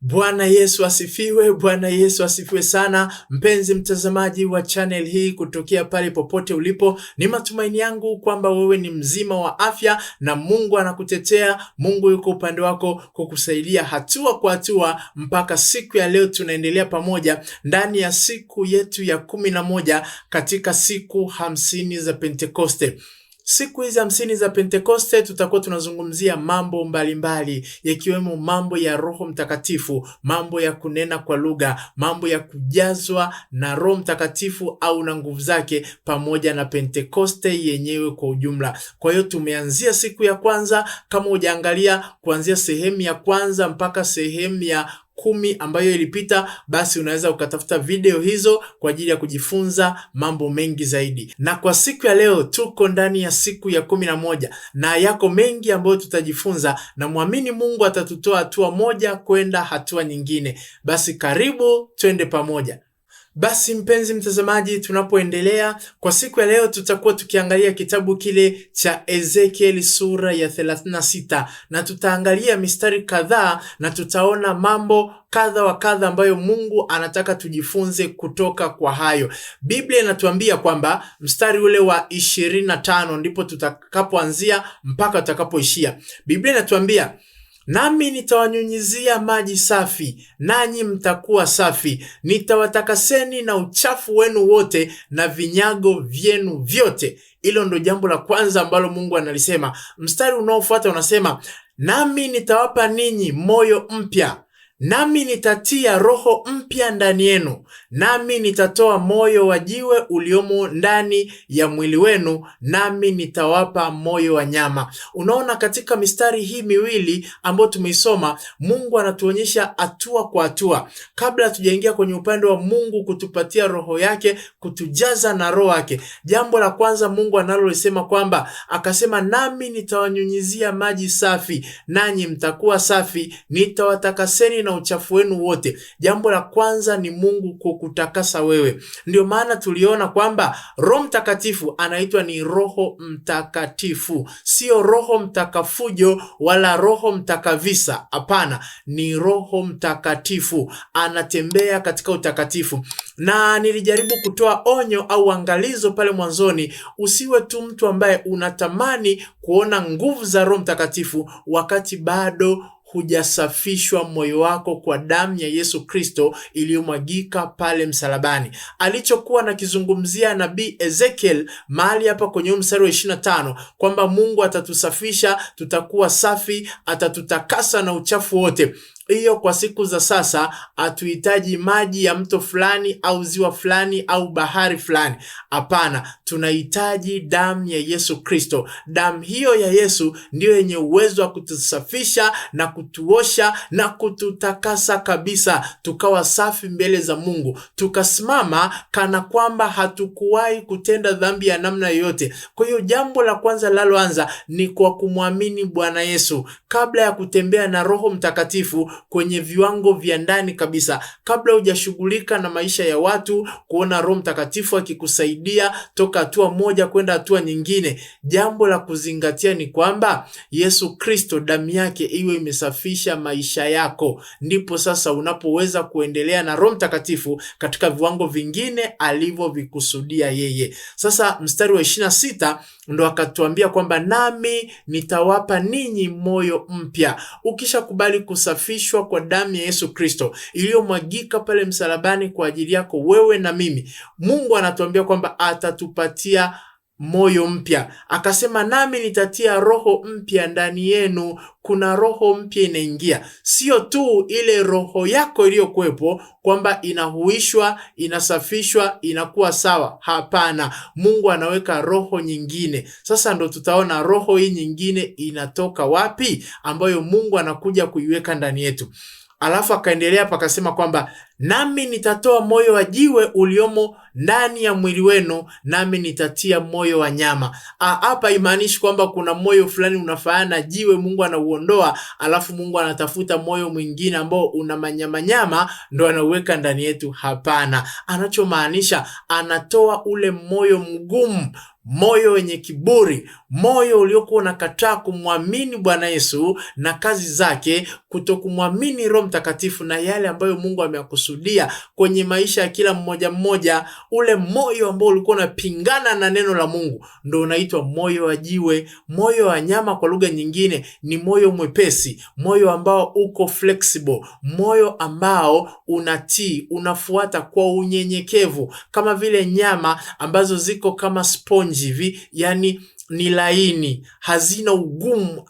Bwana Yesu asifiwe. Bwana Yesu asifiwe sana, mpenzi mtazamaji wa channel hii kutokea pale popote ulipo, ni matumaini yangu kwamba wewe ni mzima wa afya na Mungu anakutetea. Mungu yuko upande wako kukusaidia hatua kwa hatua. Mpaka siku ya leo tunaendelea pamoja ndani ya siku yetu ya kumi na moja katika siku hamsini za Pentekoste. Siku hizi hamsini za Pentekoste tutakuwa tunazungumzia mambo mbalimbali yakiwemo mambo ya Roho Mtakatifu, mambo ya kunena kwa lugha, mambo ya kujazwa na Roho Mtakatifu au na nguvu zake, pamoja na Pentekoste yenyewe kwa ujumla. Kwa hiyo tumeanzia siku ya kwanza, kama hujaangalia, kuanzia sehemu ya kwanza mpaka sehemu ya kumi ambayo ilipita, basi unaweza ukatafuta video hizo kwa ajili ya kujifunza mambo mengi zaidi. Na kwa siku ya leo tuko ndani ya siku ya kumi na moja na yako mengi ambayo tutajifunza, na mwamini Mungu atatutoa hatua moja kwenda hatua nyingine. Basi karibu twende pamoja. Basi mpenzi mtazamaji, tunapoendelea kwa siku ya leo, tutakuwa tukiangalia kitabu kile cha Ezekieli sura ya 36 na tutaangalia mistari kadhaa na tutaona mambo kadha wa kadha ambayo Mungu anataka tujifunze kutoka kwa hayo. Biblia inatuambia kwamba mstari ule wa 25 ndipo tutakapoanzia mpaka tutakapoishia. Biblia inatuambia nami nitawanyunyizia maji safi, nanyi mtakuwa safi, nitawatakaseni na uchafu wenu wote na vinyago vyenu vyote. Hilo ndo jambo la kwanza ambalo Mungu analisema. Mstari unaofuata unasema, nami nitawapa ninyi moyo mpya Nami nitatia roho mpya ndani yenu, nami nitatoa moyo wa jiwe uliomo ndani ya mwili wenu, nami nitawapa moyo wa nyama. Unaona, katika mistari hii miwili ambayo tumeisoma, Mungu anatuonyesha hatua kwa hatua, kabla hatujaingia kwenye upande wa Mungu kutupatia roho yake, kutujaza na roho yake. Jambo la kwanza Mungu analolisema kwamba akasema, nami nitawanyunyizia maji safi, nanyi mtakuwa safi, nitawatakaseni na uchafu wenu wote. Jambo la kwanza ni Mungu kukutakasa wewe. Ndio maana tuliona kwamba Roho Mtakatifu anaitwa ni Roho Mtakatifu, sio roho mtakafujo wala roho mtakavisa. Hapana, ni Roho Mtakatifu, anatembea katika utakatifu. Na nilijaribu kutoa onyo au angalizo pale mwanzoni, usiwe tu mtu ambaye unatamani kuona nguvu za Roho Mtakatifu wakati bado hujasafishwa moyo wako kwa damu ya Yesu Kristo iliyomwagika pale msalabani. Alichokuwa kizungumzia nabii Ezekiel mahali hapa kwenye mstari wa 25 kwamba Mungu atatusafisha, tutakuwa safi, atatutakasa na uchafu wote hiyo kwa siku za sasa hatuhitaji maji ya mto fulani au ziwa fulani au bahari fulani. Hapana, tunahitaji damu ya Yesu Kristo. Damu hiyo ya Yesu ndiyo yenye uwezo wa kutusafisha na kutuosha na kututakasa kabisa, tukawa safi mbele za Mungu, tukasimama kana kwamba hatukuwahi kutenda dhambi ya namna yoyote. Kwa hiyo jambo la kwanza linaloanza ni kwa kumwamini Bwana Yesu kabla ya kutembea na Roho Mtakatifu kwenye viwango vya ndani kabisa, kabla hujashughulika na maisha ya watu, kuona Roho Mtakatifu akikusaidia toka hatua moja kwenda hatua nyingine. Jambo la kuzingatia ni kwamba Yesu Kristo, damu yake iwe imesafisha maisha yako, ndipo sasa unapoweza kuendelea na Roho Mtakatifu katika viwango vingine alivyovikusudia yeye. Sasa mstari wa ishirini na sita ndo akatuambia kwamba nami nitawapa ninyi moyo mpya. Ukishakubali kusafishwa kwa damu ya Yesu Kristo iliyomwagika pale msalabani kwa ajili yako wewe na mimi, Mungu anatuambia kwamba atatupatia moyo mpya. Akasema, nami nitatia roho mpya ndani yenu. Kuna roho mpya inaingia, sio tu ile roho yako iliyokuwepo kwamba inahuishwa, inasafishwa, inakuwa sawa. Hapana, Mungu anaweka roho nyingine. Sasa ndo tutaona roho hii nyingine inatoka wapi, ambayo Mungu anakuja kuiweka ndani yetu. Alafu akaendelea pakasema kwamba nami nitatoa moyo wa jiwe uliomo ndani ya mwili wenu, nami nitatia moyo wa nyama. Hapa imaanishi kwamba kuna moyo fulani unafanana jiwe, Mungu anauondoa, alafu Mungu anatafuta moyo mwingine ambao una manyamanyama ndo anauweka ndani yetu. Hapana, anachomaanisha anatoa ule moyo mgumu moyo wenye kiburi, moyo uliokuwa unakataa kumwamini Bwana Yesu na kazi zake, kutokumwamini Roho Mtakatifu na yale ambayo Mungu ameakusudia amekusudia kwenye maisha ya kila mmoja mmoja. Ule moyo ambao ulikuwa unapingana na neno la Mungu ndo unaitwa moyo wa jiwe, moyo wa nyama, kwa lugha nyingine ni moyo mwepesi, moyo ambao uko flexible, moyo ambao unatii, unafuata kwa unyenyekevu, kama vile nyama ambazo ziko kama sponge hivi, yani ni laini, hazina ugumu,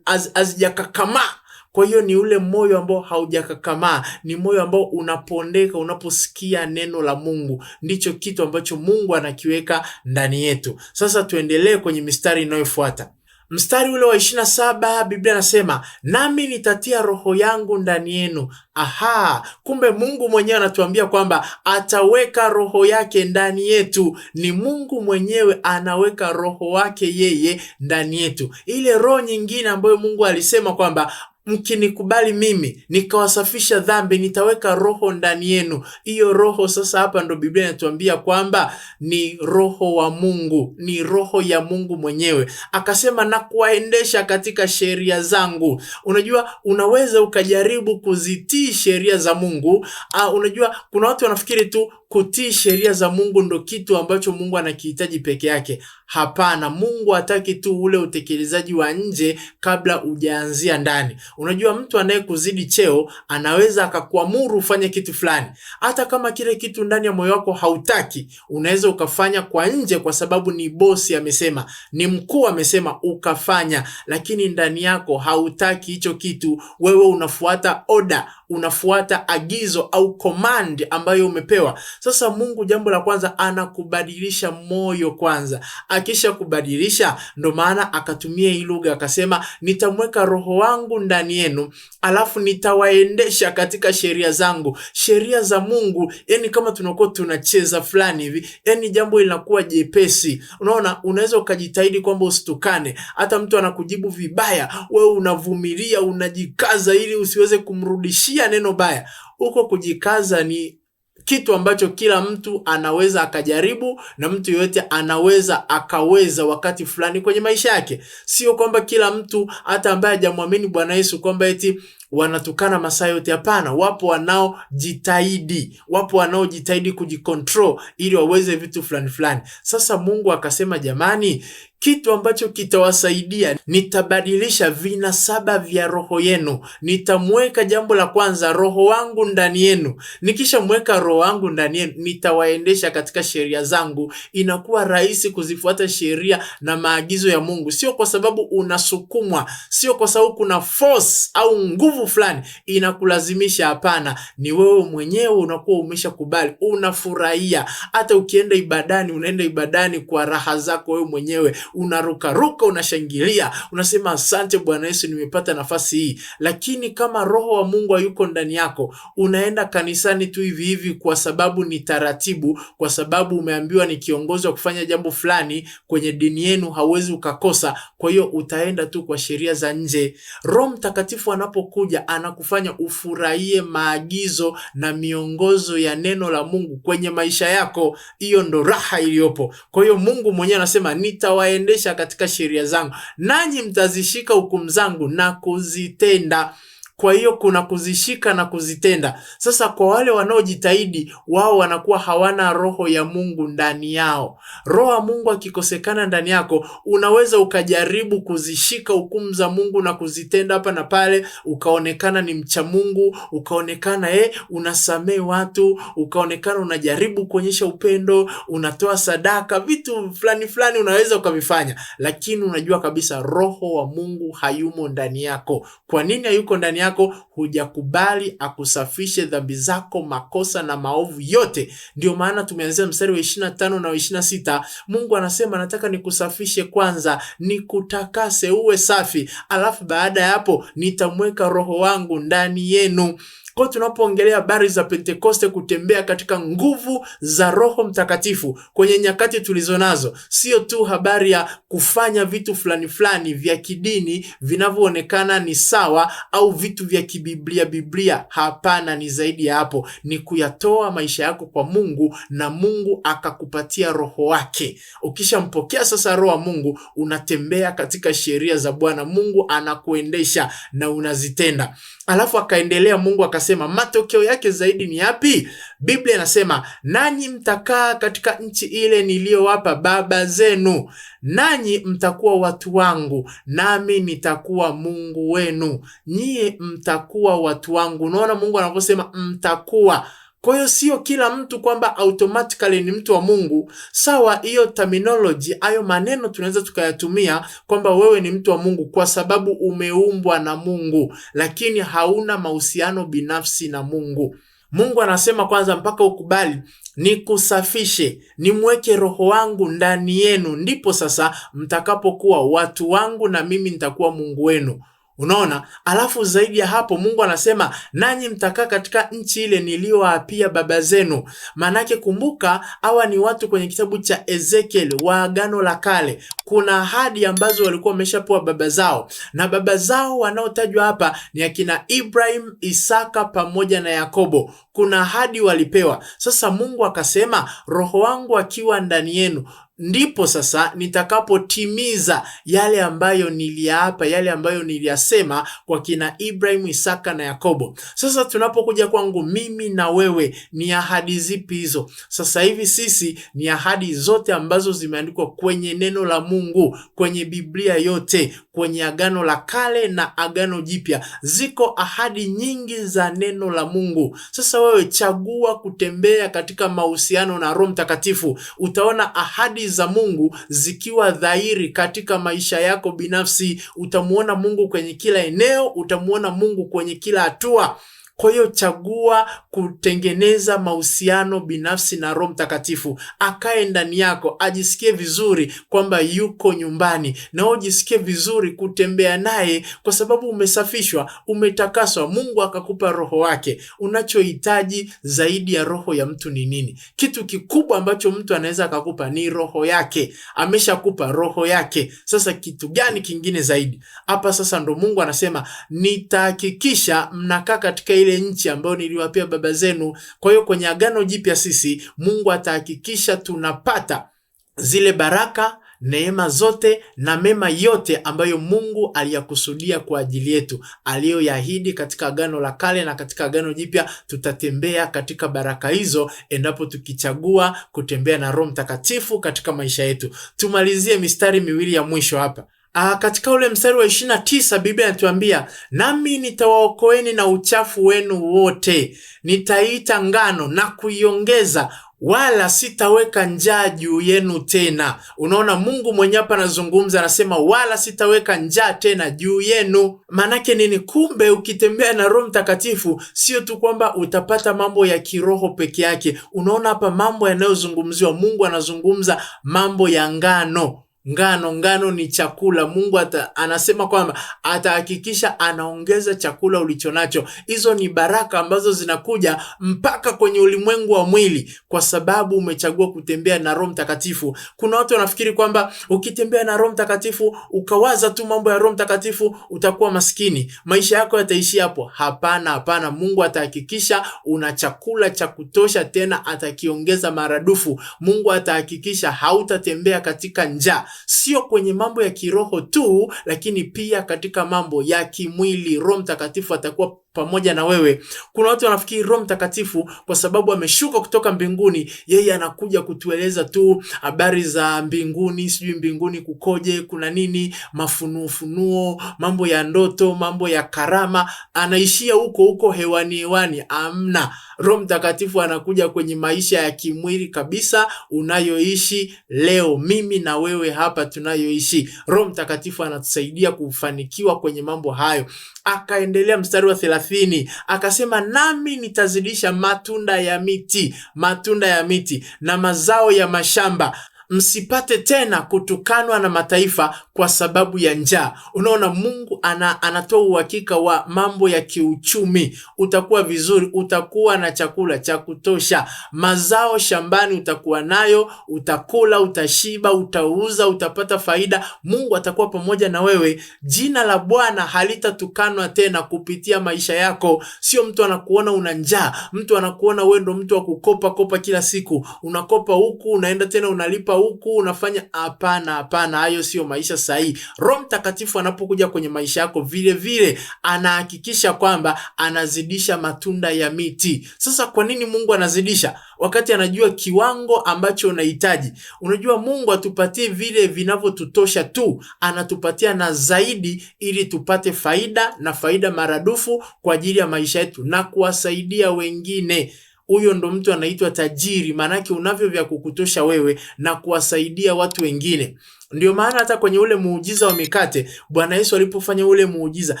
hazijakakama az, kwa hiyo ni ule moyo ambao haujakakamaa, ni moyo ambao unapondeka unaposikia neno la Mungu, ndicho kitu ambacho Mungu anakiweka ndani yetu. Sasa tuendelee kwenye mistari inayofuata. Mstari ule wa ishirini saba Biblia anasema nami nitatia roho yangu ndani yenu. Aha, kumbe Mungu mwenyewe anatuambia kwamba ataweka roho yake ndani yetu. Ni Mungu mwenyewe anaweka roho wake yeye ndani yetu, ile roho nyingine ambayo Mungu alisema kwamba mkinikubali mimi nikawasafisha dhambi, nitaweka roho ndani yenu. Hiyo roho sasa, hapa ndo Biblia inatuambia kwamba ni roho wa Mungu, ni roho ya Mungu mwenyewe. Akasema na kuwaendesha katika sheria zangu. Unajua, unaweza ukajaribu kuzitii sheria za Mungu. Uh, unajua kuna watu wanafikiri tu kutii sheria za Mungu ndo kitu ambacho Mungu anakihitaji peke yake. Hapana, Mungu hataki tu ule utekelezaji wa nje kabla ujaanzia ndani. Unajua, mtu anayekuzidi cheo anaweza akakuamuru ufanye kitu fulani, hata kama kile kitu ndani ya moyo wako hautaki, unaweza ukafanya kwa nje, kwa sababu ni bosi amesema, ni mkuu amesema, ukafanya, lakini ndani yako hautaki hicho kitu, wewe unafuata oda unafuata agizo au command ambayo umepewa. Sasa Mungu jambo la kwanza anakubadilisha moyo kwanza, akisha kubadilisha, ndo maana akatumia hii lugha akasema, nitamweka roho wangu ndani yenu, alafu nitawaendesha katika sheria zangu. Sheria za Mungu, yani kama tunakuwa tunacheza fulani hivi, yani jambo linakuwa jepesi. Unaona, unaweza ukajitahidi kwamba usitukane, hata mtu anakujibu vibaya, wewe unavumilia, unajikaza ili usiweze kumrudishia kulichukia neno baya. Huko kujikaza ni kitu ambacho kila mtu anaweza akajaribu na mtu yeyote anaweza akaweza wakati fulani kwenye maisha yake. Sio kwamba kila mtu hata ambaye hajamwamini Bwana Yesu kwamba eti wanatukana masaa yote. Hapana, wapo wanaojitahidi, wapo wanaojitahidi kujikontrol ili waweze vitu fulani fulani. Sasa Mungu akasema, jamani, kitu ambacho kitawasaidia, nitabadilisha vinasaba vya roho yenu, nitamweka. Jambo la kwanza, roho wangu ndani yenu. Nikishamweka roho wangu ndani yenu, nitawaendesha katika sheria zangu. Inakuwa rahisi kuzifuata sheria na maagizo ya Mungu, sio kwa sababu unasukumwa, sio kwa sababu kuna force au nguvu fulani inakulazimisha. Hapana, ni wewe mwenyewe unakuwa umeshakubali, unafurahia. Hata ukienda ibadani, unaenda ibadani kwa raha zako wewe mwenyewe unarukaruka, unashangilia, unasema asante Bwana Yesu, nimepata nafasi hii. Lakini kama Roho wa Mungu hayuko ndani yako, unaenda kanisani tu hivi hivi, kwa sababu ni taratibu, kwa sababu umeambiwa ni kiongozi wa kufanya jambo fulani kwenye dini yenu, hauwezi ukakosa. Kwa hiyo utaenda tu kwa sheria za nje. Roho Mtakatifu anapokuja anakufanya ufurahie maagizo na miongozo ya neno la Mungu kwenye maisha yako. Hiyo ndo raha iliyopo. Kwa hiyo Mungu mwenyewe anasema nitawae mtaendesha katika sheria zangu, nanyi mtazishika hukumu zangu na kuzitenda. Kwa hiyo kuna kuzishika na kuzitenda. Sasa kwa wale wanaojitahidi, wao wanakuwa hawana roho ya Mungu ndani yao. Roho ya Mungu akikosekana ndani yako, unaweza ukajaribu kuzishika hukumu za Mungu na kuzitenda hapa na pale, ukaonekana ni mcha Mungu, ukaonekana eh, unasamehe watu, ukaonekana unajaribu kuonyesha upendo, unatoa sadaka, vitu fulani fulani unaweza ukavifanya, lakini unajua kabisa roho wa Mungu hayumo ndani yako. Kwa nini hayuko ndani yako? yako, hujakubali akusafishe dhambi zako, makosa na maovu yote. Ndio maana tumeanzia mstari wa ishirina na tano na ishirini na sita. Mungu anasema nataka nikusafishe kwanza, nikutakase, uwe safi, alafu baada ya hapo nitamweka roho wangu ndani yenu. Kwa tunapoongelea habari za Pentekoste, kutembea katika nguvu za Roho Mtakatifu kwenye nyakati tulizo nazo, sio tu habari ya kufanya vitu fulani fulani vya kidini vinavyoonekana ni sawa au vitu vya kibiblia Biblia. Hapana, ni zaidi ya hapo, ni kuyatoa maisha yako kwa Mungu na Mungu akakupatia roho wake. Ukishampokea sasa roho wa Mungu, unatembea katika sheria za Bwana. Mungu anakuendesha na unazitenda. Alafu akaendelea Mungu akasema, matokeo yake zaidi ni yapi? Biblia inasema nanyi mtakaa katika nchi ile niliyowapa baba zenu, nanyi mtakuwa watu wangu, nami nitakuwa Mungu wenu, nyie mtakuwa watu wangu. Unaona Mungu anavyosema mtakuwa kwa hiyo sio kila mtu kwamba automatically ni mtu wa Mungu. Sawa, hiyo terminology, hayo maneno tunaweza tukayatumia kwamba wewe ni mtu wa Mungu kwa sababu umeumbwa na Mungu, lakini hauna mahusiano binafsi na Mungu. Mungu anasema kwanza, mpaka ukubali nikusafishe, nimweke roho wangu ndani yenu, ndipo sasa mtakapokuwa watu wangu na mimi nitakuwa Mungu wenu. Unaona, alafu zaidi ya hapo Mungu anasema nanyi mtakaa katika nchi ile niliyowaapia baba zenu. Maanake kumbuka, hawa ni watu kwenye kitabu cha Ezekiel wa Agano la Kale, kuna ahadi ambazo walikuwa wameshapewa baba zao, na baba zao wanaotajwa hapa ni akina Ibrahim, Isaka pamoja na Yakobo. Kuna ahadi walipewa. Sasa Mungu akasema, roho wangu akiwa ndani yenu ndipo sasa nitakapotimiza yale ambayo niliyaapa, yale ambayo niliyasema kwa kina Ibrahimu, Isaka na Yakobo. Sasa tunapokuja kwangu mimi na wewe, ni ahadi zipi hizo? Sasa hivi sisi ni ahadi zote ambazo zimeandikwa kwenye neno la Mungu, kwenye Biblia yote, kwenye Agano la Kale na Agano Jipya. Ziko ahadi nyingi za neno la Mungu. Sasa wewe chagua kutembea katika mahusiano na Roho Mtakatifu. Utaona ahadi za Mungu zikiwa dhahiri katika maisha yako binafsi. Utamwona Mungu kwenye kila eneo, utamwona Mungu kwenye kila hatua. Kwa hiyo chagua kutengeneza mahusiano binafsi na Roho Mtakatifu, akae ndani yako, ajisikie vizuri kwamba yuko nyumbani, na ujisikie vizuri kutembea naye, kwa sababu umesafishwa, umetakaswa, Mungu akakupa roho wake. Unachohitaji zaidi ya roho ya mtu ni nini? Kitu kikubwa ambacho mtu anaweza akakupa ni roho yake. Ameshakupa roho yake, sasa kitu gani kingine zaidi? Hapa sasa ndo Mungu anasema nitahakikisha mnakaa katika ile nchi ambayo niliwapia baba zenu. Kwa hiyo kwenye agano jipya sisi Mungu atahakikisha tunapata zile baraka neema zote na mema yote ambayo Mungu aliyakusudia kwa ajili yetu, aliyoyaahidi katika agano la kale na katika agano jipya. Tutatembea katika baraka hizo endapo tukichagua kutembea na Roho Mtakatifu katika maisha yetu. Tumalizie mistari miwili ya mwisho hapa. Aa, ah, katika ule mstari wa ishirini na tisa Biblia inatuambia nami nitawaokoeni na uchafu wenu wote, nitaita ngano na kuiongeza, wala sitaweka njaa juu yenu tena. Unaona, Mungu mwenyewe hapa anazungumza, anasema wala sitaweka njaa tena juu yenu. Maanake nini? Kumbe ukitembea na Roho Mtakatifu sio tu kwamba utapata mambo ya kiroho peke yake. Unaona hapa mambo yanayozungumziwa, Mungu anazungumza mambo ya ngano ngano. Ngano ni chakula. Mungu ata, anasema kwamba atahakikisha anaongeza chakula ulichonacho. Hizo ni baraka ambazo zinakuja mpaka kwenye ulimwengu wa mwili, kwa sababu umechagua kutembea na Roho Mtakatifu. Kuna watu wanafikiri kwamba ukitembea na Roho Mtakatifu ukawaza tu mambo ya Roho Mtakatifu utakuwa maskini, maisha yako yataishia hapo. Hapana, hapana. Mungu atahakikisha una chakula cha kutosha, tena atakiongeza maradufu. Mungu atahakikisha hautatembea katika njaa sio kwenye mambo ya kiroho tu, lakini pia katika mambo ya kimwili. Roho Mtakatifu atakuwa pamoja na wewe. Kuna watu wanafikiri Roho Mtakatifu kwa sababu ameshuka kutoka mbinguni, yeye anakuja kutueleza tu habari za mbinguni, sijui mbinguni kukoje, kuna nini, mafunuo funuo, mambo ya ndoto, mambo ya karama, anaishia huko huko hewani hewani. Amna, Roho Mtakatifu anakuja kwenye maisha ya kimwili kabisa unayoishi leo, mimi na wewe hapa tunayoishi. Roho Mtakatifu anatusaidia kufanikiwa kwenye mambo hayo. Akaendelea mstari wa thelathini akasema, nami nitazidisha matunda ya miti, matunda ya miti na mazao ya mashamba msipate tena kutukanwa na mataifa kwa sababu ya njaa. Unaona, Mungu ana, anatoa uhakika wa mambo ya kiuchumi. Utakuwa vizuri, utakuwa na chakula cha kutosha, mazao shambani utakuwa nayo, utakula, utashiba, utauza, utapata faida. Mungu atakuwa pamoja na wewe. Jina la Bwana halitatukanwa tena kupitia maisha yako. Sio mtu anakuona una njaa, mtu anakuona wewe ndo mtu wa kukopa kopa kila siku, unakopa huku unaenda tena unalipa huku unafanya hapana, hapana, hayo sio maisha sahihi. Roho Mtakatifu anapokuja kwenye maisha yako vile vile anahakikisha kwamba anazidisha matunda ya miti. Sasa kwa nini Mungu anazidisha wakati anajua kiwango ambacho unahitaji? Unajua, Mungu atupatie vile vinavyotutosha tu, anatupatia na zaidi, ili tupate faida na faida maradufu kwa ajili ya maisha yetu na kuwasaidia wengine huyo ndo mtu anaitwa tajiri, maanake unavyo vya kukutosha wewe na kuwasaidia watu wengine. Ndio maana hata kwenye ule muujiza wa mikate, Bwana Yesu alipofanya ule muujiza,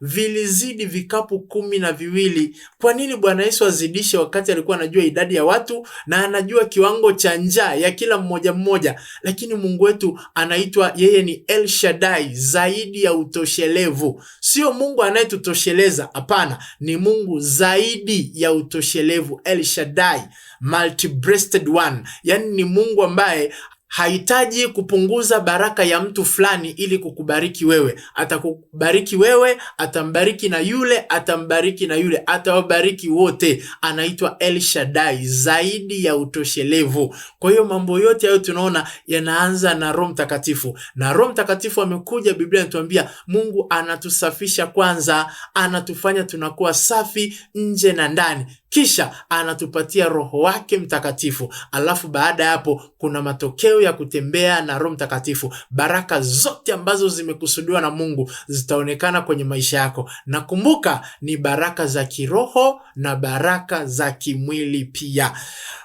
vilizidi vikapu kumi na viwili. Kwa nini Bwana Yesu azidishe wakati alikuwa anajua idadi ya watu na anajua kiwango cha njaa ya kila mmoja mmoja? Lakini Mungu wetu anaitwa yeye ni El Shaddai, zaidi ya utoshelevu. Sio Mungu anayetutosheleza, hapana, ni Mungu zaidi ya utoshelevu, El Shaddai, multi-breasted one, yani ni Mungu ambaye hahitaji kupunguza baraka ya mtu fulani ili kukubariki wewe. Atakubariki wewe, atambariki na yule, atambariki na yule, atawabariki wote. Anaitwa El Shaddai, zaidi ya utoshelevu. Kwa hiyo mambo yote hayo tunaona yanaanza na Roho Mtakatifu, na Roho Mtakatifu amekuja, Biblia inatuambia Mungu anatusafisha kwanza, anatufanya tunakuwa safi nje na ndani kisha anatupatia Roho wake Mtakatifu, alafu baada ya hapo kuna matokeo ya kutembea na Roho Mtakatifu, baraka zote ambazo zimekusudiwa na Mungu zitaonekana kwenye maisha yako. Na kumbuka, ni baraka za kiroho na baraka za kimwili pia.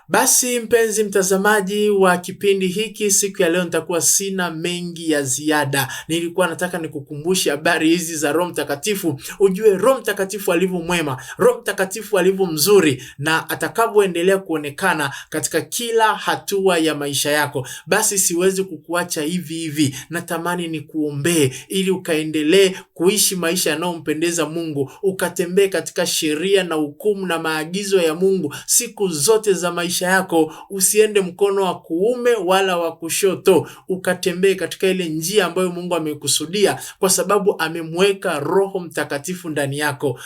Basi mpenzi mtazamaji wa kipindi hiki, siku ya leo nitakuwa sina mengi ya ziada. Nilikuwa nataka nikukumbushe habari hizi za Roho Mtakatifu, ujue Roho Mtakatifu alivyo mwema, Roho Mtakatifu alivyo mzuri, na atakavyoendelea kuonekana katika kila hatua ya maisha yako basi siwezi kukuacha hivi hivi. Natamani ni kuombee ili ukaendelee kuishi maisha yanayompendeza Mungu, ukatembee katika sheria na hukumu na maagizo ya Mungu siku zote za maisha yako, usiende mkono wa kuume wala wa kushoto, ukatembee katika ile njia ambayo Mungu amekusudia, kwa sababu amemweka Roho Mtakatifu ndani yako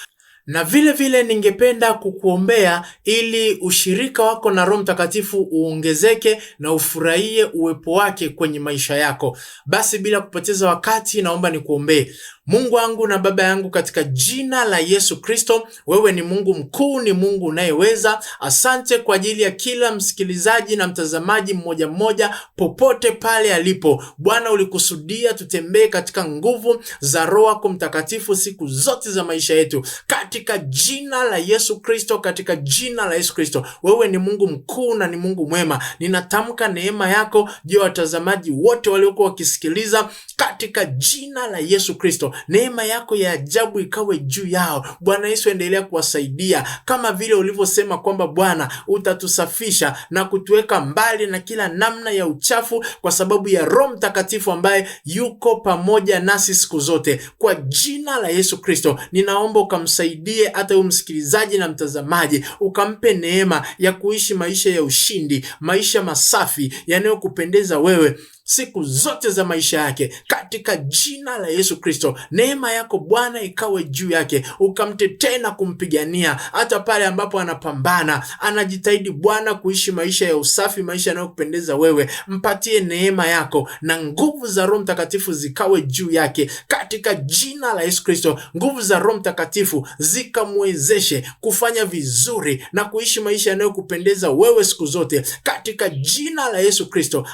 na vile vile ningependa kukuombea ili ushirika wako na Roho Mtakatifu uongezeke na ufurahie uwepo wake kwenye maisha yako. Basi bila kupoteza wakati, naomba nikuombee. Mungu wangu na Baba yangu, katika jina la Yesu Kristo, wewe ni Mungu mkuu, ni Mungu unayeweza. Asante kwa ajili ya kila msikilizaji na mtazamaji mmoja mmoja, popote pale alipo. Bwana, ulikusudia tutembee katika nguvu za Roho wako Mtakatifu siku zote za maisha yetu Kat katika jina la Yesu Kristo, katika jina la Yesu Kristo. Wewe ni Mungu mkuu na ni Mungu mwema. Ninatamka neema yako juu ya watazamaji wote waliokuwa wakisikiliza katika jina la Yesu Kristo. Neema yako ya ajabu ikawe juu yao. Bwana Yesu, endelea kuwasaidia kama vile ulivyosema kwamba Bwana utatusafisha na kutuweka mbali na kila namna ya uchafu kwa sababu ya Roho Mtakatifu ambaye yuko pamoja nasi siku zote. Kwa jina la Yesu Kristo ninaomba ukamsaidia umsaidie hata huyu msikilizaji na mtazamaji, ukampe neema ya kuishi maisha ya ushindi, maisha masafi yanayokupendeza wewe siku zote za maisha yake katika jina la Yesu Kristo. Neema yako Bwana ikawe juu yake, ukamtetee na kumpigania hata pale ambapo anapambana, anajitahidi Bwana kuishi maisha ya usafi, maisha yanayokupendeza wewe. Mpatie neema yako na nguvu za Roho Mtakatifu zikawe juu yake katika jina la Yesu Kristo. Nguvu za Roho Mtakatifu zikamwezeshe kufanya vizuri na kuishi maisha yanayokupendeza wewe siku zote katika jina la Yesu Kristo,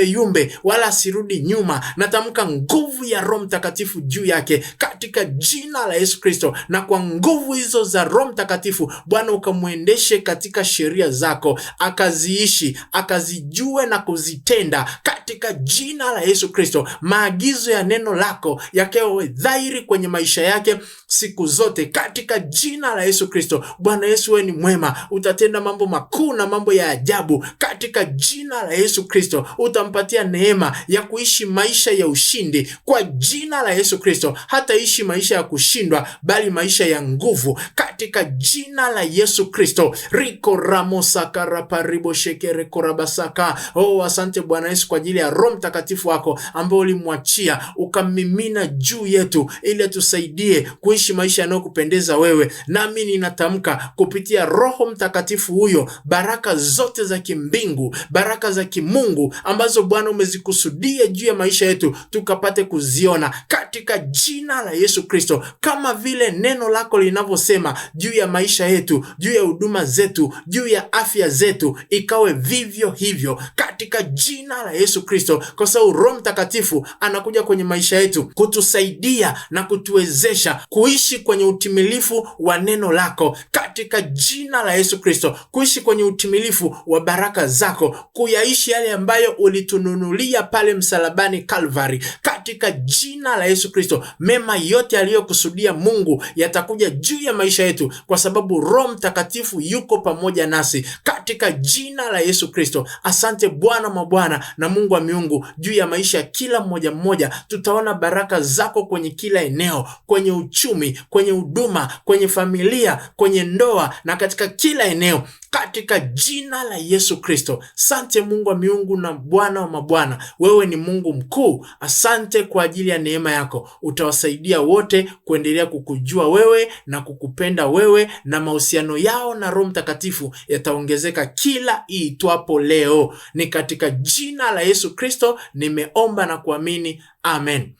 yumbe mbele wala asirudi nyuma. Natamka nguvu ya Roho Mtakatifu juu yake katika jina la Yesu Kristo, na kwa nguvu hizo za Roho Mtakatifu, Bwana ukamwendeshe katika sheria zako, akaziishi, akazijue na kuzitenda katika jina la Yesu Kristo. Maagizo ya neno lako yakewe dhahiri kwenye maisha yake siku zote katika jina la Yesu Kristo. Bwana Yesu, wewe ni mwema, utatenda mambo makuu na mambo ya ajabu katika jina la Yesu Kristo, utampatia neema ya kuishi maisha ya ushindi kwa jina la Yesu Kristo. Hataishi maisha ya kushindwa, bali maisha ya nguvu katika jina la Yesu Kristo. riko ramosaka raparibo shekere korabasaka. Oh, asante Bwana Yesu kwa ajili ya Roho Mtakatifu wako ambao ulimwachia ukamimina juu yetu ili atusaidie kuishi maisha yanayokupendeza wewe. Nami ninatamka kupitia Roho Mtakatifu huyo baraka zote za kimbingu, baraka za kimungu ambazo Bwana Bwana umezikusudia juu ya maisha yetu, tukapate kuziona katika jina la Yesu Kristo, kama vile neno lako linavyosema juu ya maisha yetu, juu ya huduma zetu, juu ya afya zetu, ikawe vivyo hivyo katika jina la Yesu Kristo, kwa sababu Roho Mtakatifu anakuja kwenye maisha yetu kutusaidia na kutuwezesha kuishi kwenye utimilifu wa neno lako katika jina la Yesu Kristo, kuishi kwenye utimilifu wa baraka zako, kuyaishi yale ambayo ulitununua kukununulia pale msalabani Kalvari, katika jina la Yesu Kristo. Mema yote aliyokusudia Mungu yatakuja juu ya maisha yetu, kwa sababu Roho Mtakatifu yuko pamoja nasi, katika jina la Yesu Kristo. Asante Bwana mabwana na Mungu wa miungu juu ya maisha ya kila mmoja mmoja. Tutaona baraka zako kwenye kila eneo, kwenye uchumi, kwenye huduma, kwenye familia, kwenye ndoa na katika kila eneo katika jina la Yesu Kristo. Sante Mungu wa miungu na Bwana wa mabwana, wewe ni Mungu mkuu. Asante kwa ajili ya neema yako, utawasaidia wote kuendelea kukujua wewe na kukupenda wewe, na mahusiano yao na Roho Mtakatifu yataongezeka kila iitwapo leo. Ni katika jina la Yesu Kristo nimeomba na kuamini, amen.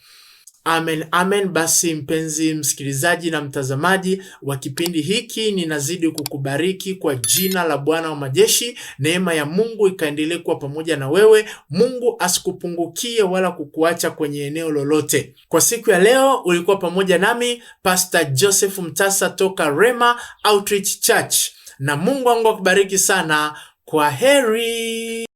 Amen, amen. Basi mpenzi msikilizaji na mtazamaji wa kipindi hiki, ninazidi kukubariki kwa jina la Bwana wa majeshi. Neema ya Mungu ikaendelee kuwa pamoja na wewe. Mungu asikupungukie wala kukuacha kwenye eneo lolote. Kwa siku ya leo ulikuwa pamoja nami Pastor Joseph Mtasa toka Rema Outreach Church, na Mungu wangu akubariki sana. Kwa heri.